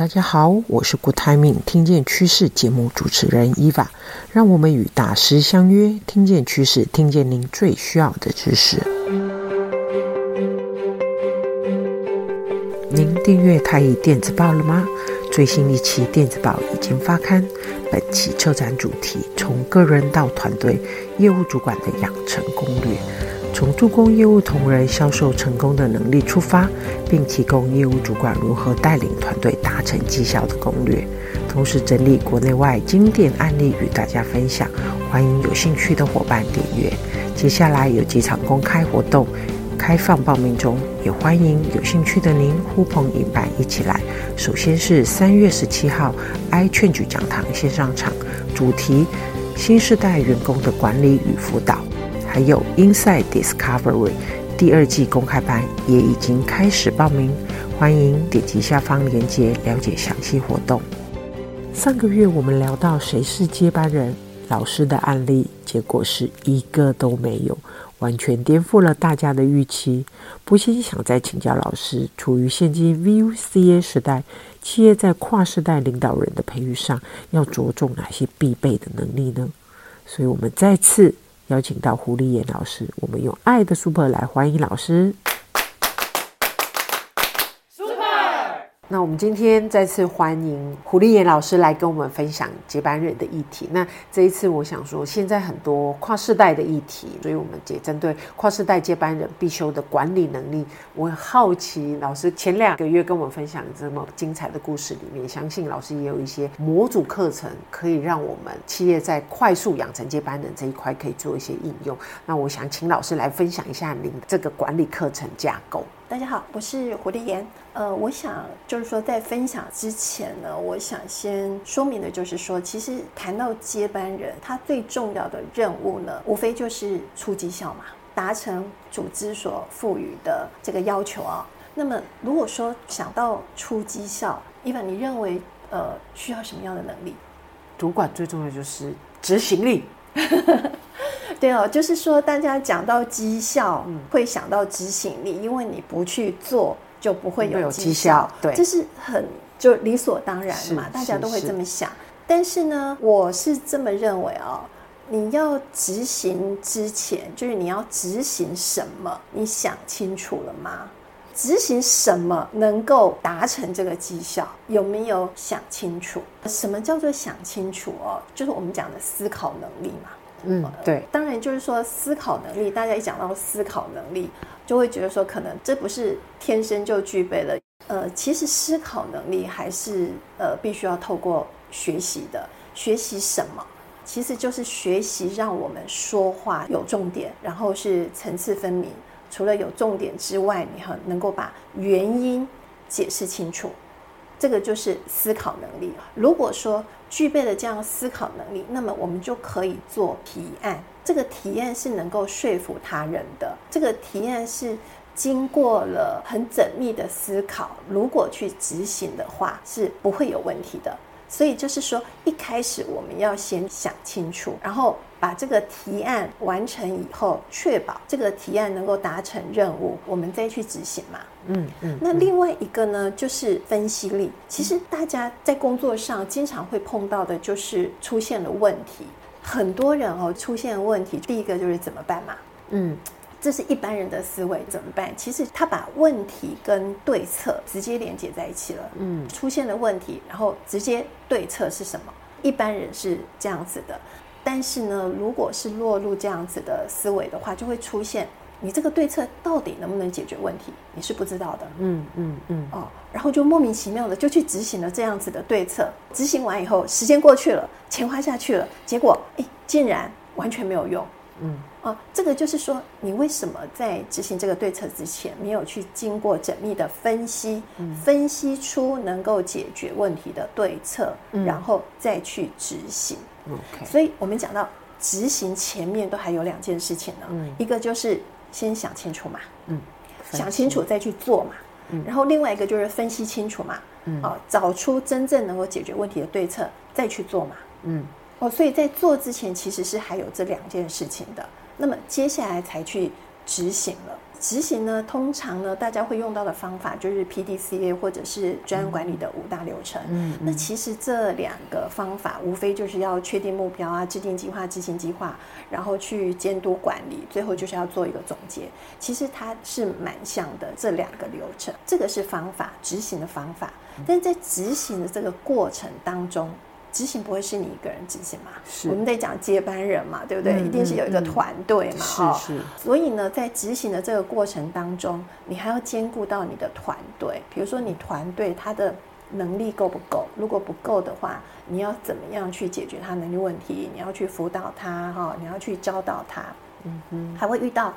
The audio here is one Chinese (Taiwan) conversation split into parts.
大家好，我是 Good Timing，聽見趨勢節目主持人 Eva，讓我們與大師相約，聽見趨勢，聽見您最需要的知識。您訂閱太毅電子報了嗎？最新一期電子報已經發刊。本期策展主題：從個人到團隊，業務主管的養成攻略。從助攻業務同仁銷售成功的能力出發，並提供業務主管如何帶領團隊達成績效的攻略，同時整理國內外經典案例與大家分享。歡迎有興趣的夥伴訂閱。接下來有幾場公開活動開放報名中，也歡迎有興趣的您呼朋引伴一起來。首先是三月十七號，i change 講堂線上場，主題：新世代員工的管理與輔導。還有《Inside Discovery》第二季公開班也已經開始報名，歡迎點擊下方鏈接了解詳細活動。上個月我們聊到誰是接班人老師的案例，結果是一個都沒有，完全顛覆了大家的預期。不禁想再請教老師，處於現今 VUCA 時代，企業在跨世代領導人的培育上要着重哪些必備的能力呢？所以，我們再次。邀請到胡立妍老師，我們用愛的 Super 來歡迎老師。那我們今天再次歡迎胡立妍老師來跟我們分享接班人的議題。那這一次我想說，現在很多跨世代的議題，所以我們也針對跨世代接班人必修的管理能力。我很好奇老師前兩個月跟我們分享這麼精彩的故事，裡面相信老師也有一些模組課程，可以讓我們企業在快速養成接班人這一塊可以做一些應用。那我想請老師來分享一下您這個管理課程架構。大家好，我是胡立妍。呃，我想就是說，在分享之前呢，我想先說明的就是說，其實談到接班人，他最重要的任務呢，無非就是出績效嘛，達成組織所賦予的這個要求啊、哦。那麼，如果說想到出績效，Evan，你認為呃，需要什麼樣的能力？主管最重要就是執行力。 對哦，就是說大家講到績效、嗯，會想到執行力，因為你不去做，就不會有績效，對，這是很就理所當然的嘛，大家都會這麼想。但是呢，我是這麼認為哦，你要執行之前，就是你要執行什麼，你想清楚了嗎？執行什麼能夠達成這個績效，有沒有想清楚？什麼叫做想清楚哦？就是我們講的思考能力嘛。嗯，對，當然就是說思考能力，大家一講到思考能力。就會覺得說，可能這不是天生就具備的。呃，其實思考能力還是呃必須要透過學習的。學習什麼？其實就是學習讓我們說話有重點，然後是層次分明。除了有重點之外，你很能夠把原因解釋清楚，這個就是思考能力。如果說具備了這樣思考能力，那麼我們就可以做提案。這個提案是能夠說服他人的，這個提案是經過了很縝密的思考，如果去執行的話是不會有問題的。所以就是說，一開始我們要先想清楚，然後把這個提案完成以後，確保這個提案能夠達成任務，我們再去執行嘛。嗯嗯，嗯。那另外一個呢，就是分析力。其實大家在工作上經常會碰到的就是出現了問題。很多人哦，出現問題，第一個就是怎麼辦嘛？嗯，這是一般人的思維，怎麼辦？其實他把問題跟對策直接連接在一起了。嗯，出現了問題，然後直接對策是什麼？一般人是這樣子的，但是呢，如果是落入這樣子的思維的話，就會出現。你這個對策到底能不能解決問題？你是不知道的。嗯嗯嗯。哦，然後就莫名其妙的就去執行了這樣子的對策。執行完以後，時間過去了，錢花下去了，結果誒，竟然完全沒有用。嗯。哦，這個就是說，你為什麼在執行這個對策之前沒有去經過縝密的分析，嗯，分析出能夠解決問題的對策，嗯，然後再去執行？OK。所以我們講到執行前面都還有兩件事情呢。嗯，一個就是。先想清楚嘛，嗯，想清楚再去做嘛，嗯，然後另外一個就是分析清楚嘛，嗯，哦，找出真正能夠解決問題的對策再去做嘛，嗯，哦，所以在做之前其實是還有這兩件事情的，那麼接下來才去。執行了，執行呢，通常呢，大家會用到的方法就是 PDCA 或者是專案管理的五大流程。嗯，嗯嗯，那其實這兩個方法無非就是要確定目標啊，制定計劃、執行計劃，然後去監督管理，最後就是要做一個總結。其實它是蠻像的，這兩個流程，這個是方法，執行的方法，但是在執行的這個過程當中。執行不會是你一個人執行嘛？我們得講接班人嘛，對不對、嗯？嗯、一定是有一個團隊嘛、嗯。嗯哦、所以呢，在執行的這個過程當中，你還要兼顧到你的團隊，比如說你團隊他的能力夠不夠？如果不夠的話，你要怎麼樣去解決他能力問題？你要去輔導他哈，你要去教導他。嗯哼，還會遇到。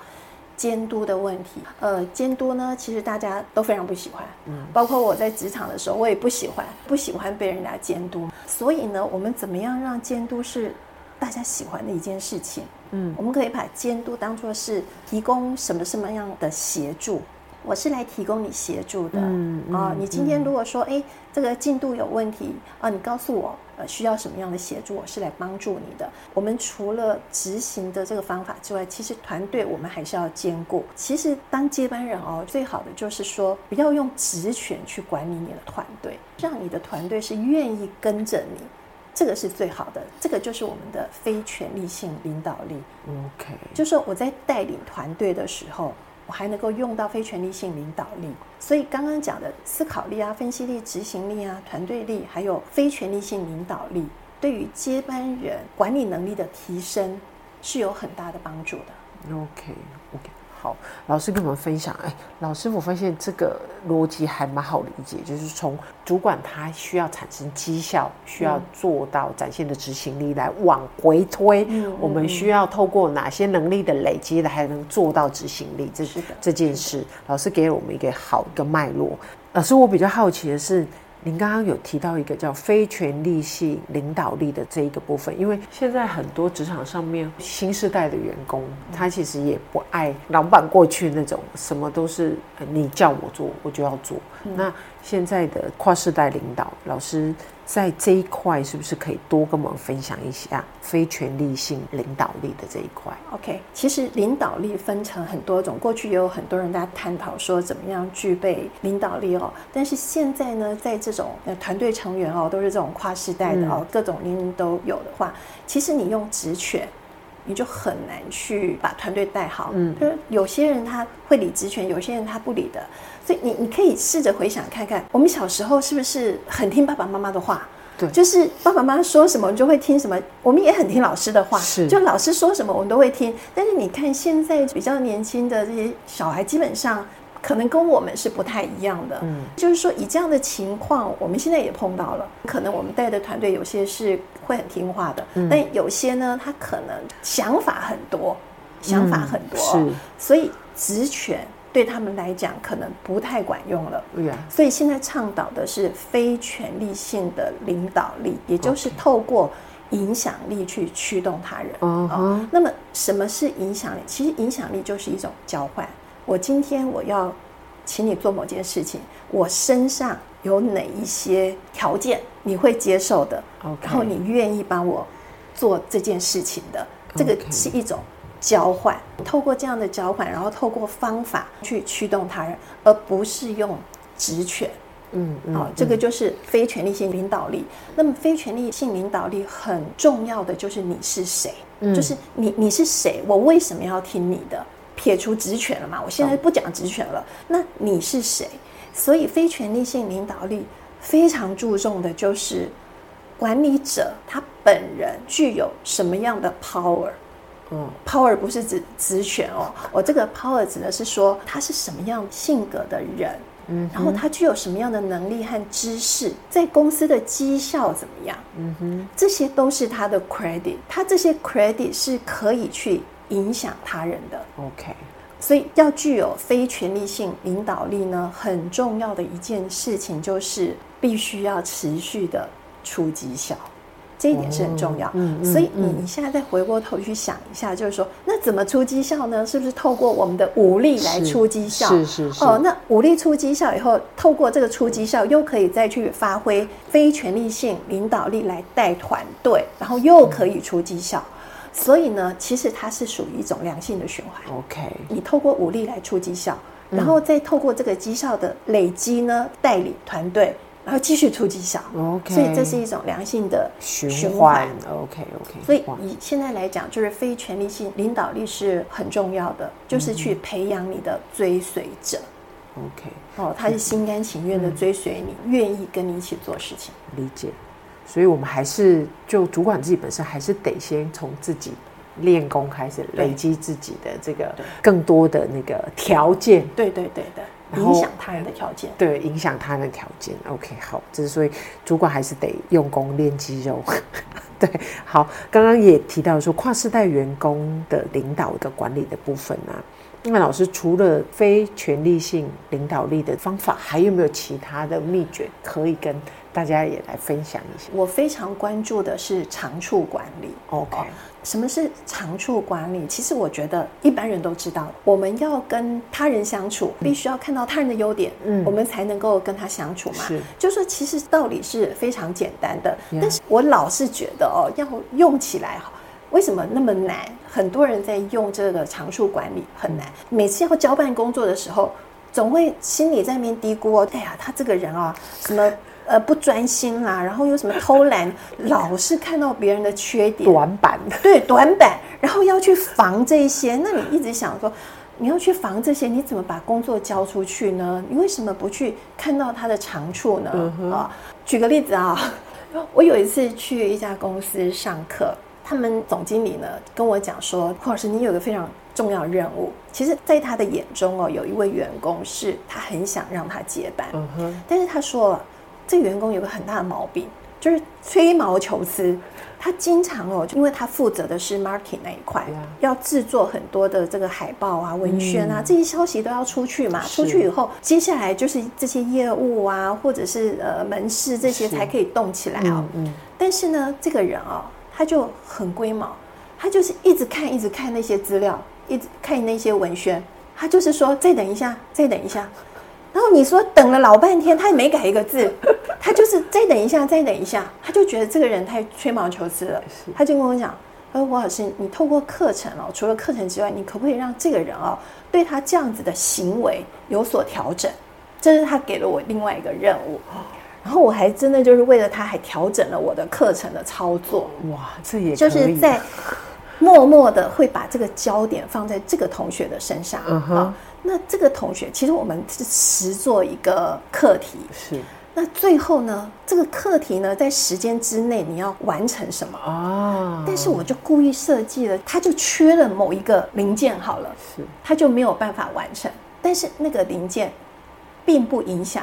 監督的問題，呃，監督呢，其實大家都非常不喜歡，嗯，包括我在職場的時候，我也不喜歡，不喜歡被人家監督。所以呢，我們怎麼樣讓監督是大家喜歡的一件事情？嗯，我們可以把監督當作是提供什麼什麼樣的協助。我是來提供你協助的，嗯啊，嗯，呃，你今天如果說，嗯，誒，這個進度有問題啊，呃，你告訴我。需要什麼樣的協助我是來幫助你的？我們除了執行的這個方法之外，其實團隊我們還是要兼顧。其實當接班人哦，最好的就是說不要用職權去管理你的團隊，讓你的團隊是願意跟着你，這個是最好的。這個就是我們的非權力性領導力。OK，就是我在帶領團隊的時候。我還能夠用到非權力性領導力，所以剛剛講的思考力啊、分析力、執行力啊、團隊力，還有非權力性領導力，對於接班人管理能力的提升是有很大的幫助的。OK，OK。好，老師跟我們分享，哎、欸，老師，我發現這個邏輯還蠻好理解，就是從主管他需要產生績效，需要做到展現的執行力，來往回推、嗯，我們需要透過哪些能力的累積，還能做到執行力，這是這件事。老師給我們一個好一個脈絡。老師，我比較好奇的是，您剛剛有提到一個叫非權力性領導力的這一個部分，因為現在很多職場上面新世代的員工，他其實也不愛老板過去那種什麼都是你叫我做我就要做，嗯，那現在的跨世代領導老師。在這一塊是不是可以多跟我們分享一下非權力性領導力的這一塊？OK，其實領導力分成很多種，過去也有很多人在探討說怎麼樣具備領導力哦、喔。但是現在呢，在這種團隊、呃、成員哦、喔、都是這種跨世代哦、喔嗯、各種年齡都有的話，其實你用職權。你就很難去把團隊帶好。嗯，就是有些人他會理職權，有些人他不理的。所以你你可以試着回想看看，我們小時候是不是很聽爸爸媽媽的話？對，就是爸爸媽媽說什麼，你就會聽什麼。我們也很聽老師的話，是，就老師說什麼，我們都會聽。但是你看現在比較年輕的這些小孩，基本上。可能跟我們是不太一樣的，嗯，就是說以這樣的情況，我們現在也碰到了。可能我們帶的團隊有些是會很聽話的，嗯，但有些呢，他可能想法很多，嗯，想法很多，嗯，是，所以職權對他們來講可能不太管用了，嗯，所以現在倡導的是非權力性的領導力，也就是透過影響力去驅動他人，嗯哦。那麼什麼是影響力？其實影響力就是一種交換。我今天我要請你做某件事情，我身上有哪一些條件你會接受的？Okay. 然後你願意幫我做這件事情的，okay. 這個是一種交換。透過這樣的交換，然後透過方法去驅動他人，而不是用職權。嗯，好、嗯哦嗯，這個就是非權力性領導力。那麼，非權力性領導力很重要的就是你是誰，嗯、就是你你是誰，我為什麼要聽你的？撇除職權了嘛？我現在不講職權了，嗯。那你是誰？所以非權力性領導力非常注重的，就是管理者他本人具有什麼樣的 power。嗯，power 不是指職權哦，我這個 power 指的是說他是什麼樣性格的人。嗯，然後他具有什麼樣的能力和知識，在公司的績效怎麼樣？嗯哼，這些都是他的 credit。他這些 credit 是可以去。影響他人的，OK，所以要具有非權力性領導力呢，很重要的一件事情就是必須要持續的出績效，這一點是很重要。嗯、所以你你現在再回過頭去想一下，就是說、嗯嗯、那怎麼出績效呢？是不是透過我們的武力來出績效？是是是，是。哦，那武力出績效以後，透過這個出績效，又可以再去發揮非權力性領導力來帶團隊，然後又可以出績效。所以呢，其實它是屬於一種良性的循環。OK，你透過武力來出績效，嗯，然後再透過這個績效的累積呢，帶領團隊，然後繼續出績效。OK，所以這是一種良性的循環。OK OK。所以以現在來講，就是非權力性領導力是很重要的，就是去培養你的追隨者，嗯。OK，哦，他是心甘情願的追隨你，願、嗯、意跟你一起做事情。理解。所以，我們還是就主管自己本身，還是得先從自己練功開始，累積自己的這個更多的那個條件。對對對的，影響他人的條件。對，影響他人的條件。OK，好，這是所以主管還是得用功練肌肉。對，好，剛剛也提到說，跨世代員工的領導的管理的部分啊，那老師除了非權力性領導力的方法，還有沒有其他的秘訣可以跟？大家也來分享一下。我非常關注的是長處管理。OK，什麼是長處管理？其實我覺得一般人都知道，我們要跟他人相處，嗯、必須要看到他人的優點，嗯，我們才能夠跟他相處嘛。就是，就說其實道理是非常簡單的。Yeah. 但是我老是覺得哦、喔，要用起來哈、喔，為什麼那麼難？很多人在用這個長處管理很難、嗯。每次要交辦工作的時候，總會心裡在那邊嘀咕，哎呀，他這個人啊、喔，什麼？呃，不專心啦、啊，然後有什麼偷懶， 老是看到別人的缺點、短板， 對短板，然後要去防這些。那你一直想說，你要去防這些，你怎麼把工作交出去呢？你為什麼不去看到他的長處呢？嗯哦、舉個例子啊、哦，我有一次去一家公司上課，他們總經理呢跟我講說，胡老師，你有個非常重要任務，其實在他的眼中哦，有一位員工是他很想讓他接班，嗯、但是他說了。這個員工有個很大的毛病，就是吹毛求疵。他經常哦，就因為他負責的是 marketing 那一塊，yeah. 要制作很多的這個海報啊、文宣啊，mm. 這些消息都要出去嘛。出去以後，接下來就是這些業務啊，或者是呃門市這些才可以動起來哦。嗯。但是呢，這個人哦，他就很龜毛，他就是一直看、一直看那些資料，一直看那些文宣，他就是說：“再等一下，再等一下。”然後你說等了老半天，他也沒改一個字，他就是再等一下，再等一下，他就覺得這個人太吹毛求疵了。他就跟我講：“哎，胡老師，你透過課程哦，除了課程之外，你可不可以讓這個人哦，對他這樣子的行為有所調整？”這是他給了我另外一個任務。然後我還真的就是為了他，還調整了我的課程的操作。哇，這也就是在默默的會把這個焦點放在這個同學的身上、嗯那這個同學，其實我們是實做一個課題，是。那最後呢，這個課題呢，在時間之內你要完成什麼啊？但是我就故意設計了，他就缺了某一個零件，好了，是，他就沒有辦法完成。但是那個零件，並不影響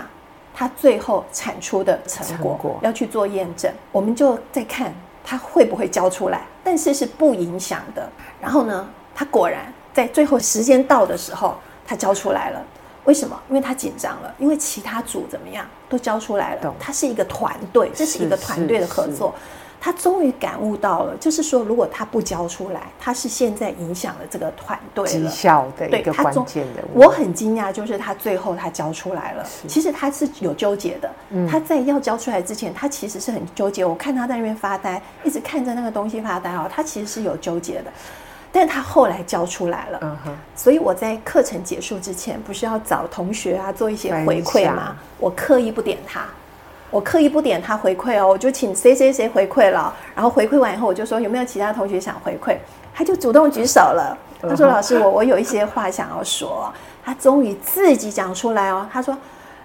他最後產出的成果，成果要去做驗證。我們就再看他會不會交出來，但是是不影響的。然後呢，他果然在最後時間到的時候。他交出來了，為什麼？因為他緊張了，因為其他組怎麼樣都交出來了。他是一個團隊，這是一個團隊的合作。他終於感悟到了，就是說，如果他不交出來，他是現在影響了這個團隊績效的一個關鍵的。對，他終，我很驚訝，就是他最後他交出來了。其實他是有糾結的，他在要交出來之前，他其實是很糾結、嗯。我看他在那邊發呆，一直看着那個東西發呆哦，他其實是有糾結的。但他後來交出來了，Uh-huh. 所以我在課程結束之前，不是要找同學啊做一些回饋嗎？我刻意不點他，我刻意不點他回饋哦，我就請誰誰誰回饋了，然後回饋完以後，我就說有沒有其他同學想回饋？他就主動舉手了，他說：“ Uh-huh. 老師，我我有一些話想要說。”他終於自己講出來哦，他說：“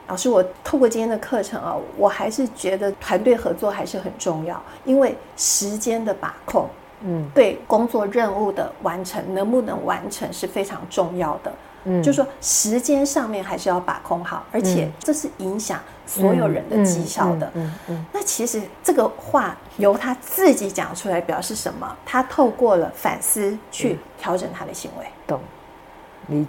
老師，我透過今天的課程啊、哦，我還是覺得團隊合作還是很重要，因為時間的把控。”嗯、對工作任務的完成能不能完成是非常重要的。就、嗯、就說時間上面還是要把控好，而且這是影響所有人的績效的。嗯嗯嗯嗯嗯、那其實這個話由他自己講出來，表示什麼？他透過了反思去調整他的行為。懂。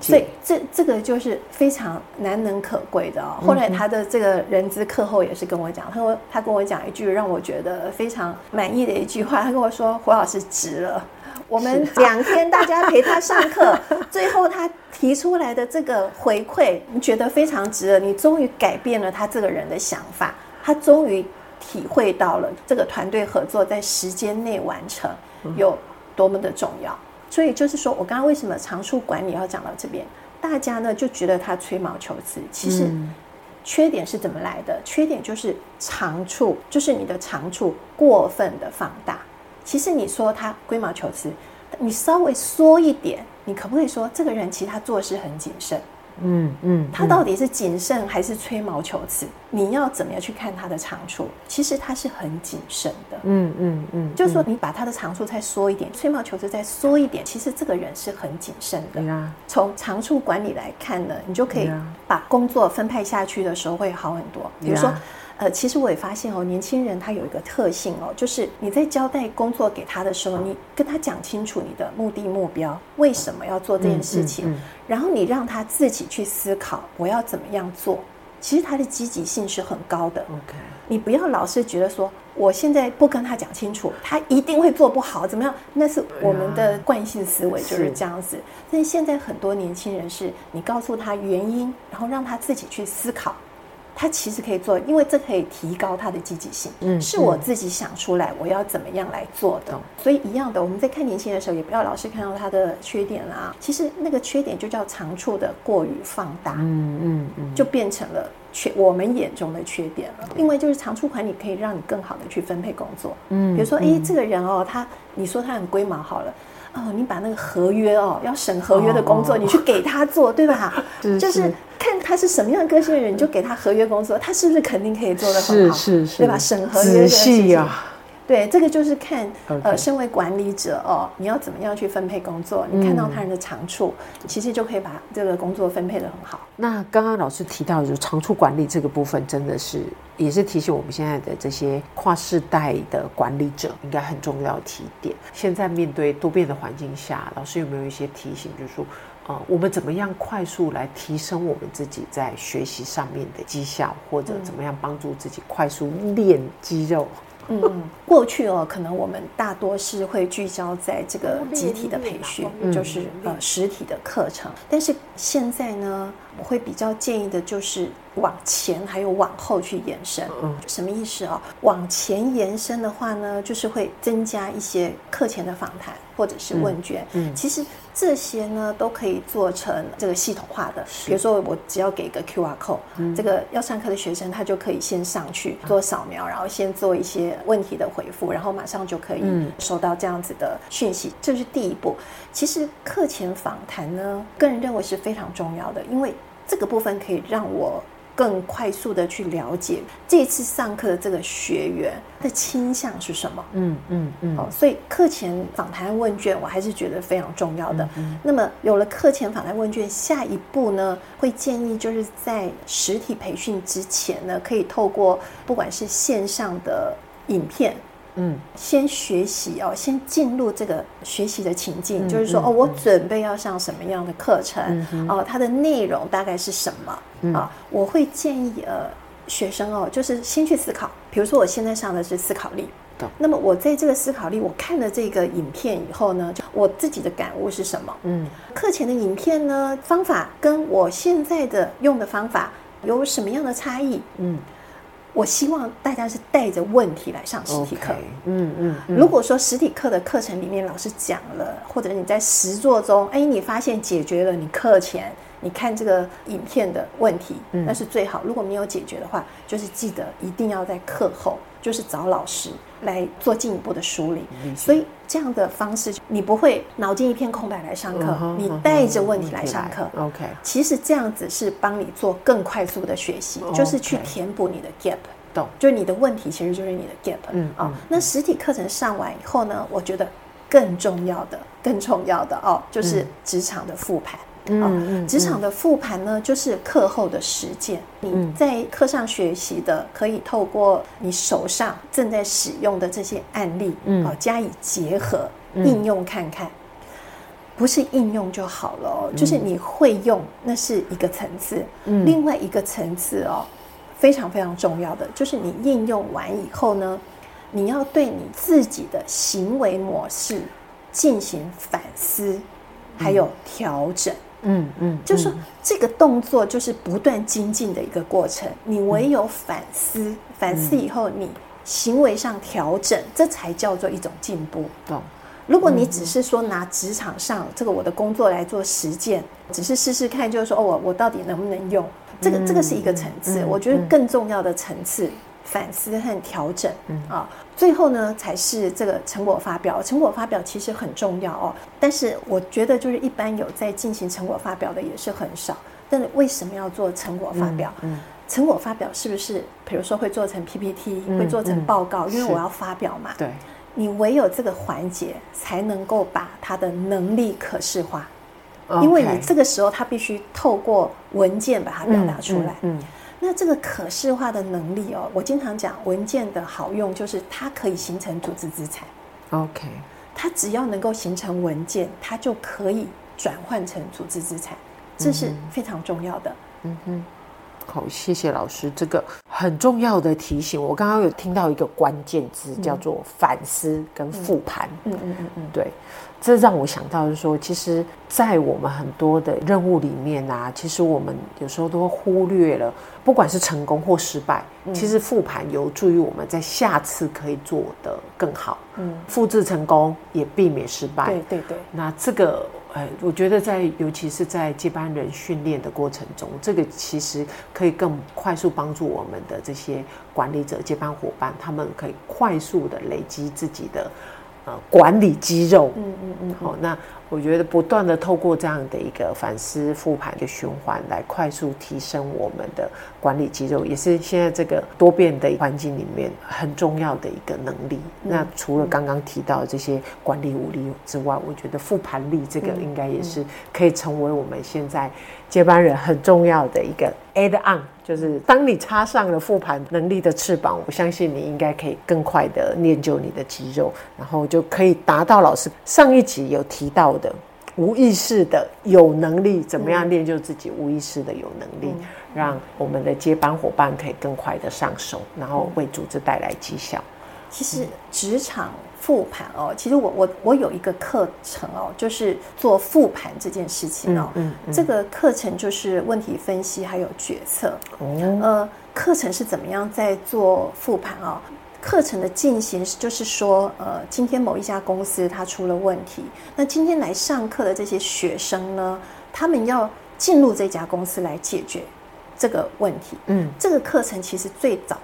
對這這個就是非常難能可貴的、哦。後來他的這個人資課後也是跟我講，他說他跟我講一句讓我覺得非常滿意的一句話，他跟我說：“胡老師值了，我們兩天大家陪他上課，啊、最後他提出來的這個回饋， 你覺得非常值了。你終於改變了他這個人的想法，他終於體會到了這個團隊合作在時間內完成有多麼的重要。嗯”所以就是說，我剛剛為什麼長處管理要講到這邊？大家呢就覺得他吹毛求疵。其實缺點是怎麼來的？缺點就是長處，就是你的長處過分的放大。其實你說他龜毛求疵，你稍微縮一點，你可不可以說這個人其實他做事很謹慎？嗯嗯，嗯，他到底是謹慎還是吹毛求疵？你要怎麼樣去看他的長處？其實他是很謹慎的。嗯嗯嗯，嗯，就是說你把他的長處再縮一點，吹毛求疵再縮一點，其實這個人是很謹慎的。從、嗯、長處管理來看呢，你就可以把工作分派下去的時候會好很多。嗯嗯嗯、比如說。呃，其實我也發現哦，年輕人他有一個特性哦，就是你在交代工作給他的時候，你跟他講清楚你的目的目標，為什麼要做這件事情，嗯嗯嗯、然後你讓他自己去思考我要怎麼樣做。其實他的積極性是很高的。OK，你不要老是覺得說我現在不跟他講清楚，他一定會做不好怎麼樣？那是我們的慣性思維就是這樣子。啊、但現在很多年輕人是，你告訴他原因，然後讓他自己去思考。他其實可以做，因為這可以提高他的積極性。嗯是，是我自己想出來，我要怎麼樣來做的。所以一樣的，我們在看年輕人的時候，也不要老是看到他的缺點啊。其實那個缺點就叫長處的過於放大，嗯嗯嗯，就變成了缺我們眼中的缺點了。另、嗯、外就是長處管理可以讓你更好的去分配工作。嗯，嗯比如說，哎、欸，這個人哦，他你說他很龜毛好了，哦，你把那個合約哦，要審合約的工作、哦，你去給他做，對吧？就是。他是什麼樣的個性的人，你就給他合約工作，他是不是肯定可以做得很好？是是是，對吧？審合約的事情、仔細啊。對，這個就是看、okay. 呃，身為管理者哦，你要怎麼樣去分配工作、嗯？你看到他人的長處，其實就可以把這個工作分配得很好。那剛剛老師提到的，就是長處管理這個部分，真的是也是提醒我們現在的這些跨世代的管理者，應該很重要提點。現在面對多變的環境下，老師有沒有一些提醒？就是說……啊、呃，我們怎麼樣快速來提升我們自己在學習上面的績效，或者怎麼樣幫助自己快速練肌肉？嗯嗯，過去哦，可能我們大多是會聚焦在這個集體的培訓，嗯、就是呃實體的課程、嗯，但是現在呢？我會比較建議的就是往前還有往後去延伸，嗯，什麼意思啊？往前延伸的話呢，就是會增加一些課前的訪談或者是問卷，嗯，其實這些呢都可以做成這個系統化的。比如說我只要給一個 QR code，這個要上課的學生他就可以先上去做掃描，然後先做一些問題的回復，然後馬上就可以收到這樣子的訊息，這是第一步。其實課前訪談呢，個人認為是非常重要的，因為這個部分可以讓我更快速的去了解這次上課的這個學員的傾向是什麼？嗯嗯嗯。哦，所以課前訪談問卷，我還是覺得非常重要的。嗯嗯。那麼有了課前訪談問卷，下一步呢，會建議就是在實體培訓之前呢，可以透過不管是線上的影片。嗯，先學習哦，先進入這個學習的情境，嗯、就是說、嗯、哦、嗯，我準備要上什麼樣的課程、嗯嗯、哦，它的內容大概是什麼啊、嗯哦？我會建議呃，學生哦，就是先去思考。比如說我現在上的是思考力，那麼我在這個思考力，我看了這個影片以後呢，我自己的感悟是什麼？嗯，課前的影片呢，方法跟我現在的用的方法有什麼樣的差異？嗯。我希望大家是帶着問題來上實體課。Okay, 嗯。嗯嗯。如果說實體課的課程裡面老師講了，或者你在實作中，哎、欸，你發現解決了你，你課前你看這個影片的問題，那是最好。如果沒有解決的話，就是記得一定要在課後，就是找老師。來做進一步的梳理，所以這樣的方式，你不會腦筋一片空白來上課，uh -huh, uh -huh, 你帶着問題來上課。Okay, OK，其實這樣子是幫你做更快速的學習，okay. 就是去填補你的 gap。懂，就你的問題其實就是你的 gap 嗯、哦。嗯啊，那實體課程上完以後呢，我覺得更重要的、更重要的哦，就是職場的復盤。嗯職、嗯嗯嗯、場的復盤呢，就是課後的實踐、嗯。你在課上學習的，可以透過你手上正在使用的這些案例，嗯、加以結合、嗯、應用看看。不是應用就好了、喔，就是你會用，嗯、那是一個層次、嗯。另外一個層次哦、喔，非常非常重要的，就是你應用完以後呢，你要對你自己的行為模式進行反思，嗯、還有調整。嗯嗯、嗯，就是說這個動作，就是不斷精進的一個過程。你唯有反思，嗯、反思以後你行為上調整、嗯，這才叫做一種進步、嗯嗯。如果你只是說拿職場上這個我的工作來做實踐，只是試試看，就是說、哦、我我到底能不能用？這個、嗯、這個是一個層次、嗯嗯。我覺得更重要的層次。反思和調整，嗯啊、哦，最後呢才是這個成果發表。成果發表其實很重要哦，但是我覺得就是一般有在進行成果發表的也是很少。但為什麼要做成果發表？嗯，嗯成果發表是不是比如說會做成 PPT、嗯、會做成報告、嗯？因為我要發表嘛。對，你唯有這個環節才能夠把他的能力可視化，Okay. 因為你這個時候他必須透過文件把它表達出來。嗯。嗯嗯嗯那這個可視化的能力哦，我經常講文件的好用，就是它可以形成組織資產。OK，它只要能夠形成文件，它就可以轉換成組織資產，這是非常重要的。嗯，嗯哼，好，謝謝老師，這個。很重要的提醒，我剛剛有聽到一個關鍵字、嗯、叫做反思跟復盤。嗯嗯嗯嗯，對，這讓我想到就是說，其實，在我們很多的任務裡面啊，其實我們有時候都會忽略了，不管是成功或失敗、嗯，其實復盤有助於我們在下次可以做得更好。嗯，複製成功也避免失敗。對對對，那這個。呃、嗯，我覺得在，尤其是在接班人訓練的過程中，這個其實可以更快速幫助我們的這些管理者、接班夥伴，他們可以快速的累積自己的。呃、啊，管理肌肉，嗯嗯嗯，好、嗯哦，那我覺得不斷的透過這樣的一個反思復盤的循環，來快速提升我們的管理肌肉，也是現在這個多變的環境裡面很重要的一個能力。嗯嗯、那除了剛剛提到這些管理五力之外，我覺得復盤力這個應該也是可以成為我們現在。接班人很重要的一個 add on，就是當你插上了覆盤能力的翅膀，我相信你應該可以更快的練就你的肌肉，然後就可以達到老師上一集有提到的無意識的有能力，怎麼樣練就自己、嗯、無意識的有能力，讓我們的接班夥伴可以更快的上手，然後為組織帶來績效、嗯。其實職場。復盤哦，其實我我我有一個課程哦，就是做復盤這件事情哦。嗯，嗯，嗯。這個課程就是問題分析還有決策。哦，嗯。呃，課程是怎麼樣在做復盤哦？課程的進行就是說，呃，今天某一家公司它出了問題，那今天來上課的這些學生呢，他們要進入這家公司來解決這個問題。嗯。這個課程其實最早。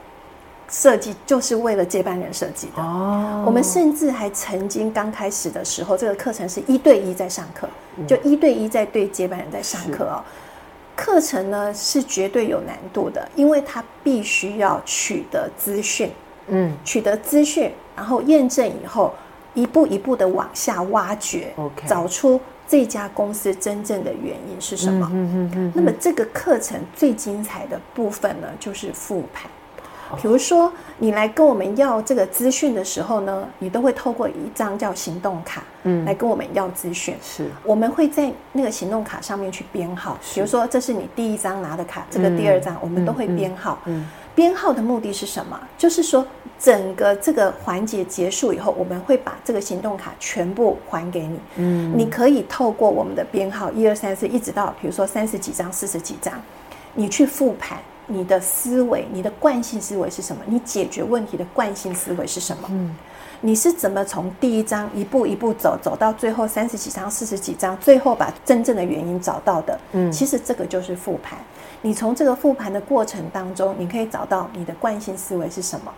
設計就是為了接班人設計的。Oh. 我們甚至還曾經剛開始的時候，這個課程是一對一在上課，mm. 就一對一在對接班人在上課。哦。課程呢是絕對有難度的，因為它必須要取得資訊，嗯、mm.，取得資訊，然後驗證以後，一步一步的往下挖掘，okay. 找出這家公司真正的原因是什麼？嗯、mm -hmm。-hmm -hmm -hmm. 那麼這個課程最精彩的部分呢，就是復盤。比如說，你來跟我們要這個資訊的時候呢，你都會透過一張叫行動卡，來跟我們要資訊，嗯。是，我們會在那個行動卡上面去編號。比如說，這是你第一張拿的卡，嗯，這個第二張，我們都會編號，嗯嗯嗯嗯。編號的目的是什麼？就是說，整個這個環節結束以後，我們會把這個行動卡全部還給你。嗯，你可以透過我們的編號一二三四，1, 2, 3, 4, 一直到比如說三十幾張、四十幾張，你去復盤。你的思維，你的慣性思維是什麼？你解決問題的慣性思維是什麼？嗯，你是怎麼從第一章一步一步走，走到最後三十幾章、四十幾章，最後把真正的原因找到的？嗯，其實這個就是復盤。你從這個復盤的過程當中，你可以找到你的慣性思維是什麼？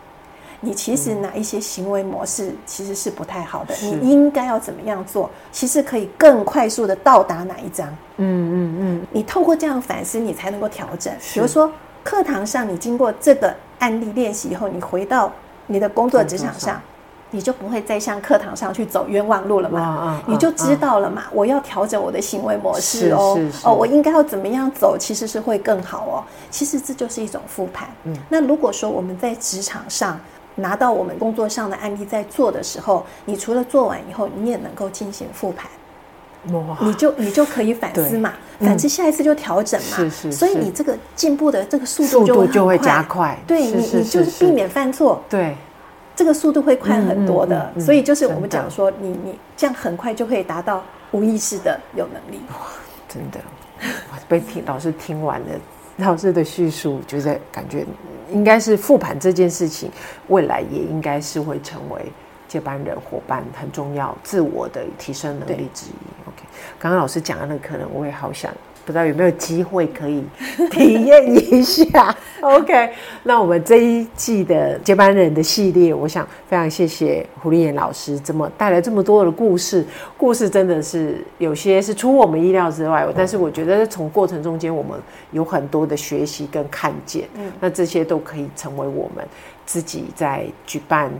你其實哪一些行為模式其實是不太好的？嗯，你應該要怎麼樣做？其實可以更快速的到達哪一章？嗯嗯嗯。你透過這樣反思，你才能夠調整。比如說。課堂上，你經過這個案例練習以後，你回到你的工作職場上，你就不會再像課堂上去走冤枉路了嘛？你就知道了嘛？我要調整我的行為模式哦哦，我應該要怎麼樣走？其實是會更好哦。其實這就是一種復盤。嗯。那如果說我們在職場上拿到我們工作上的案例在做的時候，你除了做完以後，你也能夠進行復盤。你就你就可以反思嘛，嗯、反思下一次就調整嘛，是是是，所以你這個進步的這個速度速度就會加快。對是是是是你，你就是避免犯錯。對，這個速度會快很多的。嗯嗯嗯嗯、所以就是我們講說，啊、你你這樣很快就可以達到無意識的有能力。哇，真的，我被聽老師聽完了 老師的敘述，就在感覺應該是復盤這件事情，未來也應該是會成為。接班人夥伴很重要，自我的提升能力之一。OK，剛剛老師講的那個可能我也好想，不知道有沒有機會可以體驗一下。 OK，那我們這一季的接班人的系列，我想非常謝謝胡立妍老師，這麼帶來這麼多的故事。故事真的是有些是出我們意料之外，嗯、但是我覺得從過程中間，我們有很多的學習跟看見。嗯，那這些都可以成為我們自己在舉辦。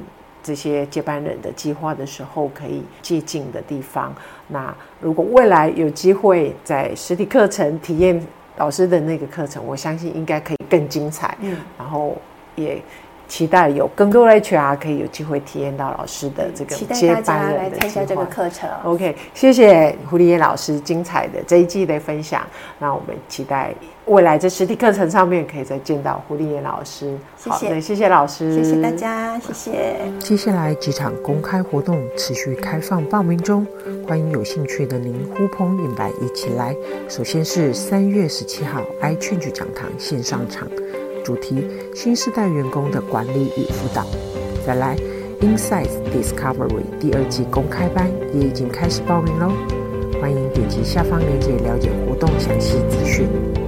這些接班人的計劃的時候，可以借鑑的地方。那如果未來有機會在實體課程體驗老師的那個課程，我相信應該可以更精彩。然後也。期待有更多 HR 可以有機會體驗到老師的這個接班人的計劃。期待大家來參加這個課程 OK，謝謝胡立妍老師精彩的這一季的分享。那我們期待未來在實體課程上面可以再見到胡立妍老師。謝謝好的，謝謝老師，謝謝大家，謝謝。接下來幾場公開活動持續開放報名中，歡迎有興趣的您呼朋引伴一起來。首先是三月十七號，i change 講堂線上場。主題：新世代員工的管理與輔導。再來，Insights Discovery 第二季公開班也已經開始報名嘍！歡迎點擊下方鏈接了解活動詳細資訊。